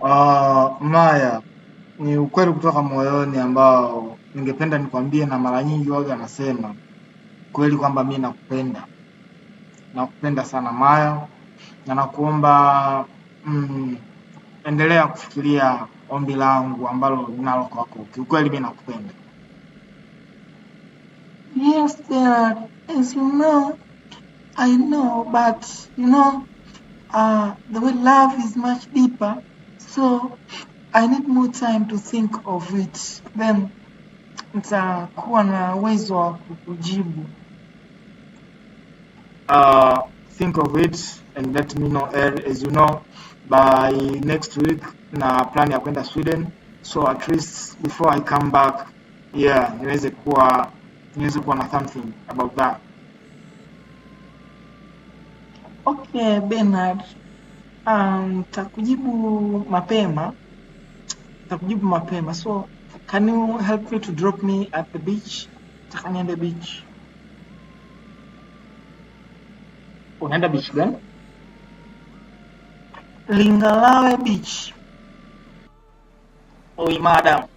Ah, Maya, ni ukweli kutoka moyoni ambao ningependa nikwambie, na mara nyingi waga anasema kweli kwamba mi nakupenda, nakupenda sana Maya, na nakuomba mm, endelea kufikiria ombi langu ambalo ninalo kwako. Kiukweli mi nakupenda. Yes, Dad. As you know, I know, but you know, uh, the way love is much deeper So I need more time to think of it, then nitakuwa na uwezo wa kujibu Uh, think of it and let me know early. As you know, by next week na plan ya kwenda Sweden, so at least before I come back yeah, niweze kuwa niweze kuwa na something about that. Okay, Bernard. Um, nitakujibu mapema, takujibu mapema. So can you help me to drop me at the beach? Nataka niende beach. Unaenda beach gani? Lingalawe beach. Oi madam,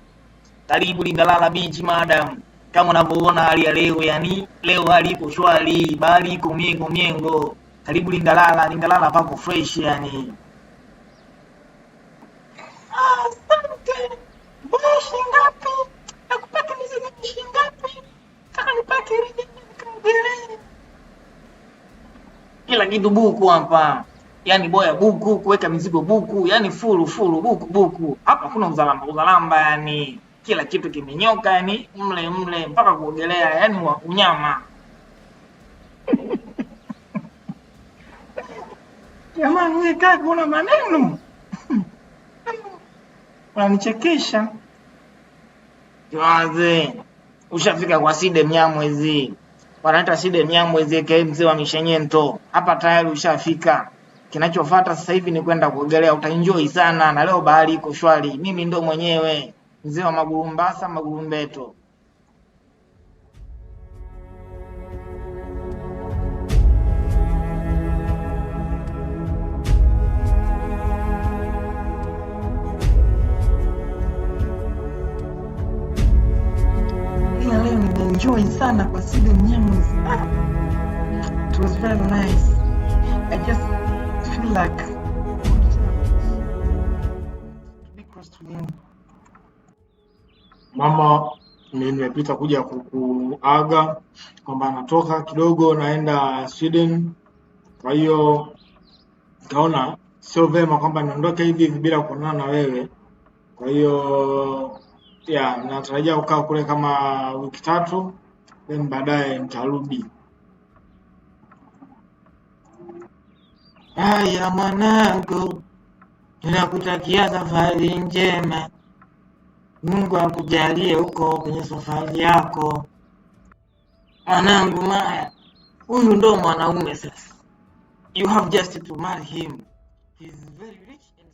karibu Lingalala beach madam. Kama unavyoona hali ya leo, yani leo hali ipo shwari, bahari iko myengo miengo karibu Lingalala. lingalala pako fresh yani. Asante. Kila kitu buku hapa. yani boya buku, kuweka mizigo buku, yani fulu fulu buku buku. Hapa kuna uzalamba uzalamba yani. Kila kitu kimenyoka yani, mle mle mpaka kuogelea yani unyama. Jamani, wewe kaka una maneno unanichekesha. Jwaze, ushafika kwa side Mnyamwezi, wanaita side Mnyamwezi ke mzee wa mishenyento. Hapa tayari ushafika, kinachofuata sasa hivi ni kwenda kuogelea. Utaenjoy sana, na leo bahari iko shwari. Mimi ndo mwenyewe mzee wa magurumbasa magurumbeto. enjoy sana kwa sile news. Ah, it was very nice. I just feel like to be close to him. Mama nimepita kuja kukuaga kwamba natoka kidogo naenda Sweden, kwa hiyo nikaona sio vema kwamba niondoke hivi hivi bila kuonana na wewe, kwa hiyo ya natarajia kukaa kule kama wiki tatu, then baadaye nitarudi. Haya mwanangu, ninakutakia safari njema. Mungu akujalie huko kwenye safari yako. Mwanangu Maya, huyu ndo mwanaume sasa. You have just to marry him. He is very rich and